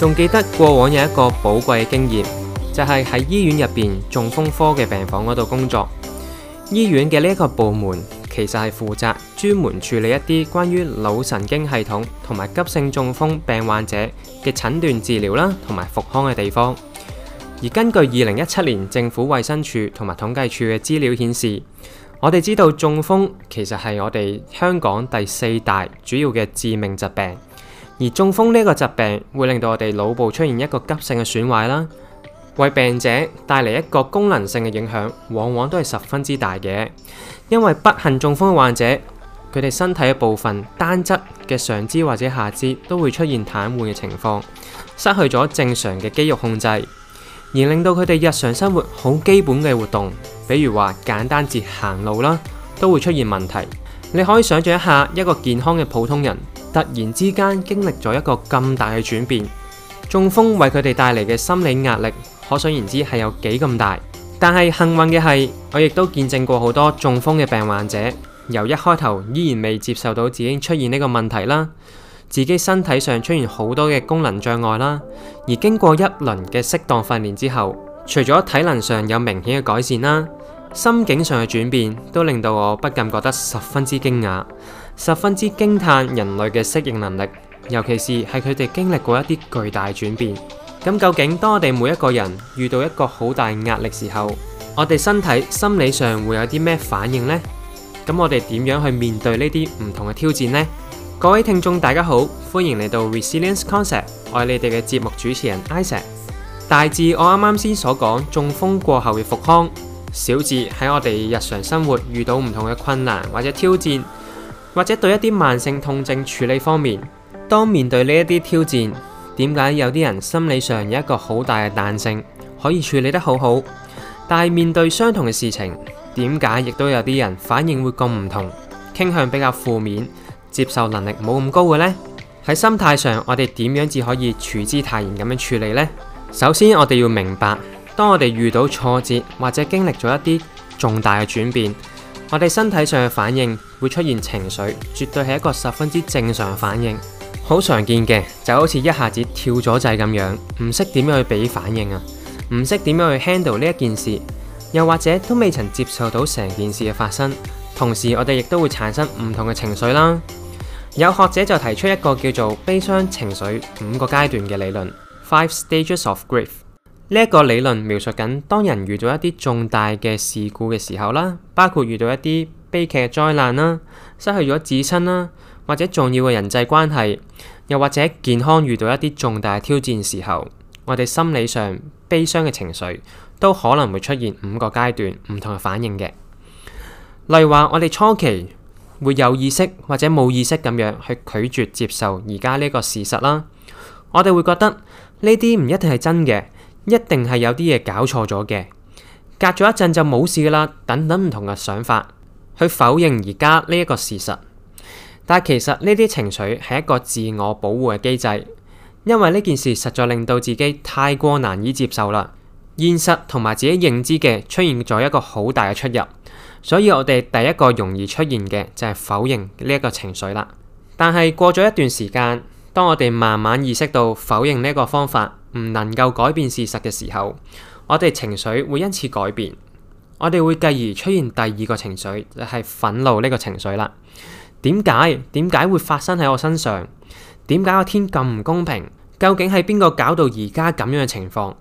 仲記得過往有一個寶貴嘅經驗，就係喺醫院入邊中風科嘅病房嗰度工作。醫院嘅呢一個部門其實係負責專門處理一啲關於腦神經系統同埋急性中風病患者嘅診斷治療啦，同埋復康嘅地方。而根據二零一七年政府衛生署同埋統計處嘅資料顯示，我哋知道中風其實係我哋香港第四大主要嘅致命疾病。而中風呢個疾病會令到我哋腦部出現一個急性嘅損壞啦，為病者帶嚟一個功能性嘅影響，往往都係十分之大嘅。因為不幸中風嘅患者，佢哋身體嘅部分單側嘅上肢或者下肢都會出現癱瘓嘅情況，失去咗正常嘅肌肉控制，而令到佢哋日常生活好基本嘅活動，比如話簡單至行路啦，都會出現問題。你可以想象一下一個健康嘅普通人。突然之間經歷咗一個咁大嘅轉變，中風為佢哋帶嚟嘅心理壓力，可想而知係有幾咁大。但係幸運嘅係，我亦都見證過好多中風嘅病患者，由一開頭依然未接受到自己出現呢個問題啦，自己身體上出現好多嘅功能障礙啦，而經過一輪嘅適當訓練之後，除咗體能上有明顯嘅改善啦。心境上嘅轉變都令到我不禁覺得十分之驚訝，十分之驚嘆人類嘅適應能力，尤其是係佢哋經歷過一啲巨大轉變。咁究竟當我哋每一個人遇到一個好大壓力時候，我哋身體心理上會有啲咩反應呢？咁我哋點樣去面對呢啲唔同嘅挑戰呢？各位聽眾大家好，歡迎嚟到 Resilience Concept，我係你哋嘅節目主持人 Isaac。大致我啱啱先所講中風過後嘅復康。小至喺我哋日常生活遇到唔同嘅困難或者挑戰，或者對一啲慢性痛症處理方面，當面對呢一啲挑戰，點解有啲人心理上有一個好大嘅彈性，可以處理得好好，但係面對相同嘅事情，點解亦都有啲人反應會咁唔同，傾向比較負面，接受能力冇咁高嘅呢？喺心態上，我哋點樣至可以處之泰然咁樣處理呢？首先，我哋要明白。當我哋遇到挫折或者經歷咗一啲重大嘅轉變，我哋身體上嘅反應會出現情緒，絕對係一個十分之正常嘅反應，好常見嘅就好似一下子跳咗掣咁樣，唔識點樣去俾反應啊，唔識點樣去 handle 呢一件事，又或者都未曾接受到成件事嘅發生，同時我哋亦都會產生唔同嘅情緒啦。有學者就提出一個叫做悲傷情緒五個階段嘅理論 （Five stages of grief）。呢一個理論描述緊，當人遇到一啲重大嘅事故嘅時候啦，包括遇到一啲悲劇、災難啦，失去咗至親啦，或者重要嘅人際關係，又或者健康遇到一啲重大挑戰時候，我哋心理上悲傷嘅情緒都可能會出現五個階段唔同嘅反應嘅。例如話，我哋初期會有意識或者冇意識咁樣去拒絕接受而家呢一個事實啦，我哋會覺得呢啲唔一定係真嘅。一定係有啲嘢搞錯咗嘅，隔咗一陣就冇事㗎喇。等等唔同嘅想法去否認而家呢一個事實，但係其實呢啲情緒係一個自我保護嘅機制，因為呢件事實在令到自己太過難以接受啦。現實同埋自己認知嘅出現咗一個好大嘅出入，所以我哋第一個容易出現嘅就係否認呢一個情緒啦。但係過咗一段時間，當我哋慢慢意識到否認呢一個方法，唔能夠改變事實嘅時候，我哋情緒會因此改變，我哋會繼而出現第二個情緒，就係憤怒呢個情緒啦。點解？點解會發生喺我身上？點解個天咁唔公平？究竟係邊個搞到而家咁樣嘅情況？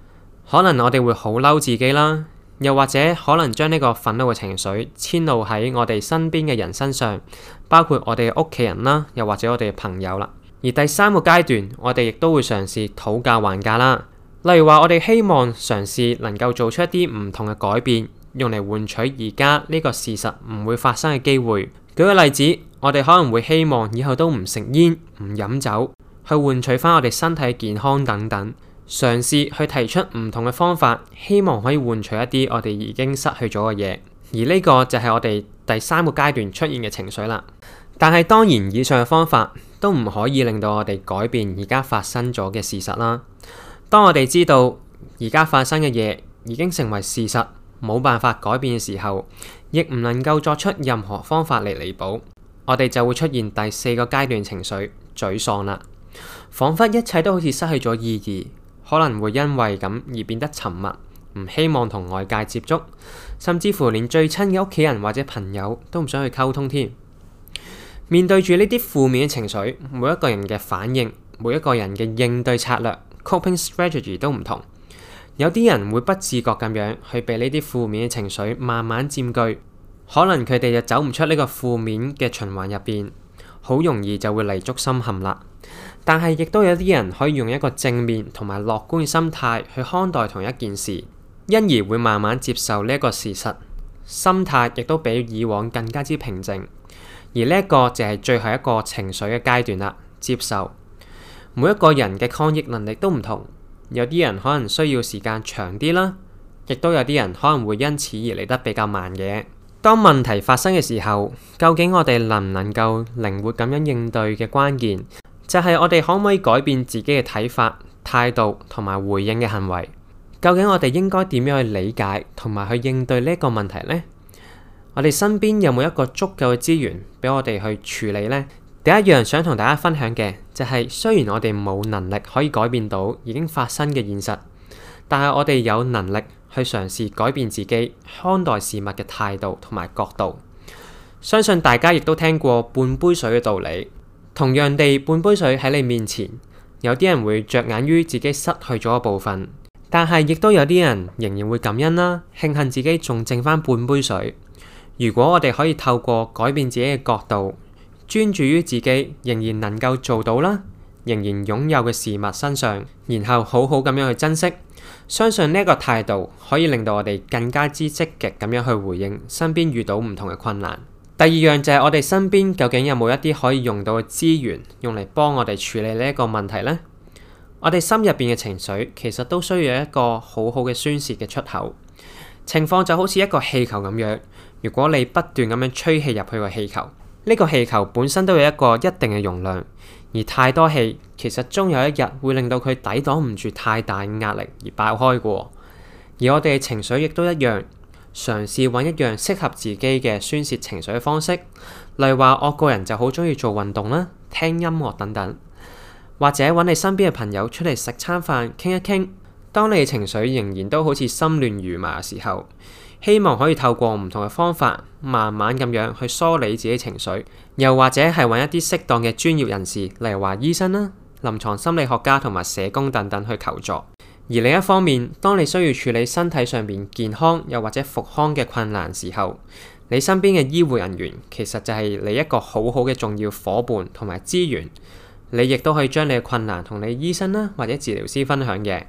可能我哋會好嬲自己啦，又或者可能將呢個憤怒嘅情緒遷怒喺我哋身邊嘅人身上，包括我哋屋企人啦，又或者我哋嘅朋友啦。而第三個階段，我哋亦都會嘗試討價還價啦。例如話，我哋希望嘗試能夠做出一啲唔同嘅改變，用嚟換取而家呢個事實唔會發生嘅機會。舉個例子，我哋可能會希望以後都唔食煙、唔飲酒，去換取返我哋身體健康等等。嘗試去提出唔同嘅方法，希望可以換取一啲我哋已經失去咗嘅嘢。而呢個就係我哋第三個階段出現嘅情緒啦。但係當然，以上嘅方法都唔可以令到我哋改變而家發生咗嘅事實啦。當我哋知道而家發生嘅嘢已經成為事實，冇辦法改變嘅時候，亦唔能夠作出任何方法嚟彌補，我哋就會出現第四個階段情緒沮喪啦。仿佛一切都好似失去咗意義，可能會因為咁而變得沉默，唔希望同外界接觸，甚至乎連最親嘅屋企人或者朋友都唔想去溝通添。面對住呢啲負面嘅情緒，每一個人嘅反應，每一個人嘅應對策略 （coping strategy） 都唔同。有啲人會不自覺咁樣去被呢啲負面嘅情緒慢慢佔據，可能佢哋就走唔出呢個負面嘅循環入邊，好容易就會泥足深陷啦。但係亦都有啲人可以用一個正面同埋樂觀嘅心態去看待同一件事，因而會慢慢接受呢一個事實，心態亦都比以往更加之平靜。而呢一個就係最後一個情緒嘅階段啦，接受。每一個人嘅抗逆能力都唔同，有啲人可能需要時間長啲啦，亦都有啲人可能會因此而嚟得比較慢嘅。當問題發生嘅時候，究竟我哋能唔能夠靈活咁樣應對嘅關鍵，就係我哋可唔可以改變自己嘅睇法、態度同埋回應嘅行為？究竟我哋應該點樣去理解同埋去應對呢一個問題呢？我哋身邊有冇一個足夠嘅資源俾我哋去處理呢？第一樣想同大家分享嘅就係，雖然我哋冇能力可以改變到已經發生嘅現實，但係我哋有能力去嘗試改變自己看待事物嘅態度同埋角度。相信大家亦都聽過半杯水嘅道理，同樣地，半杯水喺你面前，有啲人會着眼於自己失去咗部分，但係亦都有啲人仍然會感恩啦，慶幸自己仲剩翻半杯水。如果我哋可以透過改變自己嘅角度，專注於自己仍然能夠做到啦，仍然擁有嘅事物身上，然後好好咁樣去珍惜，相信呢一個態度可以令到我哋更加之積極咁樣去回應身邊遇到唔同嘅困難。第二樣就係我哋身邊究竟有冇一啲可以用到嘅資源，用嚟幫我哋處理呢一個問題呢？我哋心入邊嘅情緒其實都需要一個好好嘅宣洩嘅出口。情況就好似一個氣球咁樣。如果你不斷咁樣吹氣入去個氣球，呢個氣球本身都有一個一定嘅容量，而太多氣其實終有一日會令到佢抵擋唔住太大嘅壓力而爆開嘅。而我哋嘅情緒亦都一樣，嘗試揾一樣適合自己嘅宣泄情緒嘅方式，例如話我個人就好中意做運動啦、聽音樂等等，或者揾你身邊嘅朋友出嚟食餐飯傾一傾。當你嘅情緒仍然都好似心亂如麻嘅時候，希望可以透過唔同嘅方法，慢慢咁樣去梳理自己情緒，又或者係揾一啲適當嘅專業人士，例如話醫生啦、臨牀心理學家同埋社工等等去求助。而另一方面，當你需要處理身體上面健康又或者復康嘅困難時候，你身邊嘅醫護人員其實就係你一個好好嘅重要夥伴同埋資源。你亦都可以將你嘅困難同你醫生啦或者治療師分享嘅，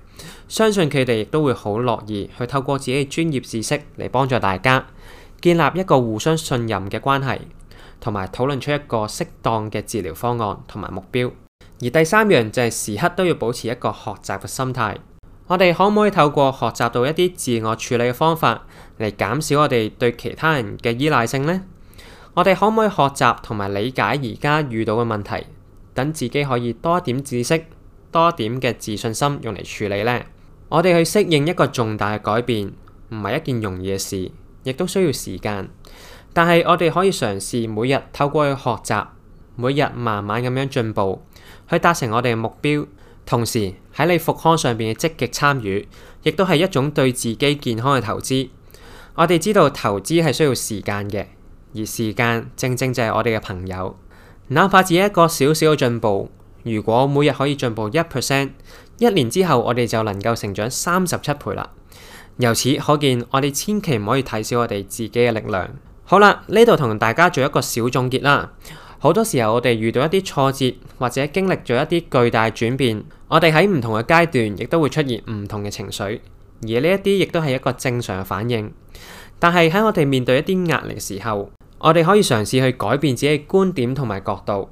相信佢哋亦都會好樂意去透過自己嘅專業知識嚟幫助大家，建立一個互相信任嘅關係，同埋討論出一個適當嘅治療方案同埋目標。而第三樣就係時刻都要保持一個學習嘅心態。我哋可唔可以透過學習到一啲自我處理嘅方法嚟減少我哋對其他人嘅依賴性呢？我哋可唔可以學習同埋理解而家遇到嘅問題？等自己可以多一點知識，多一點嘅自信心用嚟處理呢。我哋去適應一個重大嘅改變，唔係一件容易嘅事，亦都需要時間。但係我哋可以嘗試每日透過去學習，每日慢慢咁樣進步，去達成我哋嘅目標。同時喺你復康上邊嘅積極參與，亦都係一種對自己健康嘅投資。我哋知道投資係需要時間嘅，而時間正正就係我哋嘅朋友。哪怕自己一個小小嘅進步，如果每日可以進步一 percent，一年之後我哋就能夠成長三十七倍啦。由此可見，我哋千祈唔可以睇小我哋自己嘅力量。好啦，呢度同大家做一個小總結啦。好多時候我哋遇到一啲挫折，或者經歷咗一啲巨大嘅轉變，我哋喺唔同嘅階段，亦都會出現唔同嘅情緒，而呢一啲亦都係一個正常嘅反應。但係喺我哋面對一啲壓力嘅時候，我哋可以嘗試去改變自己嘅觀點同埋角度，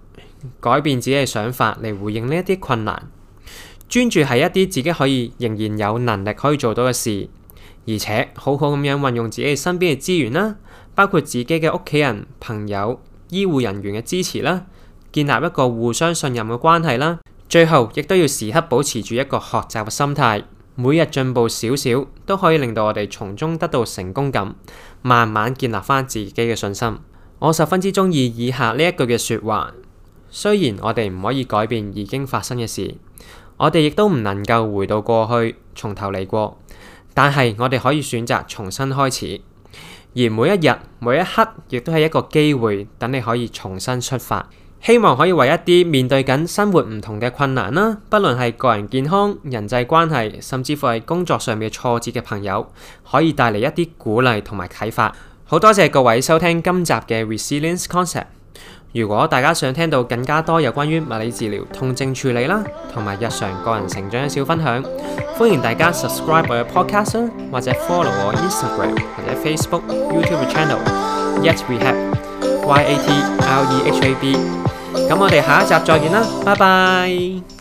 改變自己嘅想法嚟回應呢一啲困難。專注係一啲自己可以仍然有能力可以做到嘅事，而且好好咁樣運用自己身邊嘅資源啦，包括自己嘅屋企人、朋友、醫護人員嘅支持啦，建立一個互相信任嘅關係啦。最後亦都要時刻保持住一個學習嘅心態。每日進步少少都可以令到我哋從中得到成功感，慢慢建立返自己嘅信心。我十分之中意以下呢一句嘅説話：雖然我哋唔可以改變已經發生嘅事，我哋亦都唔能夠回到過去，從頭嚟過，但係我哋可以選擇重新開始。而每一日、每一刻，亦都係一個機會，等你可以重新出發。希望可以為一啲面對緊生活唔同嘅困難啦，不論係個人健康、人際關係，甚至乎係工作上面嘅挫折嘅朋友，可以帶嚟一啲鼓勵同埋啟發。好多謝各位收聽今集嘅 Resilience Concept。如果大家想聽到更加多有關於物理治療、痛症處理啦，同埋日常個人成長嘅小分享，歡迎大家 subscribe 我嘅 podcast 或者 follow 我 Instagram 或者 Facebook、YouTube channel。Yat Rehab. Y A T R E H A B 咁我哋下一集再見啦，拜拜。